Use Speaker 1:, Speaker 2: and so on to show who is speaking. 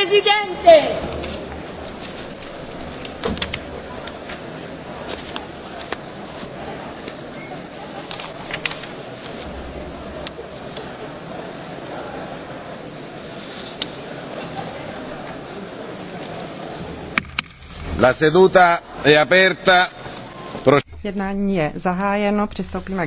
Speaker 1: Presidente!
Speaker 2: La seduta è aperta. Jednání
Speaker 3: je zahájeno, přistoupíme k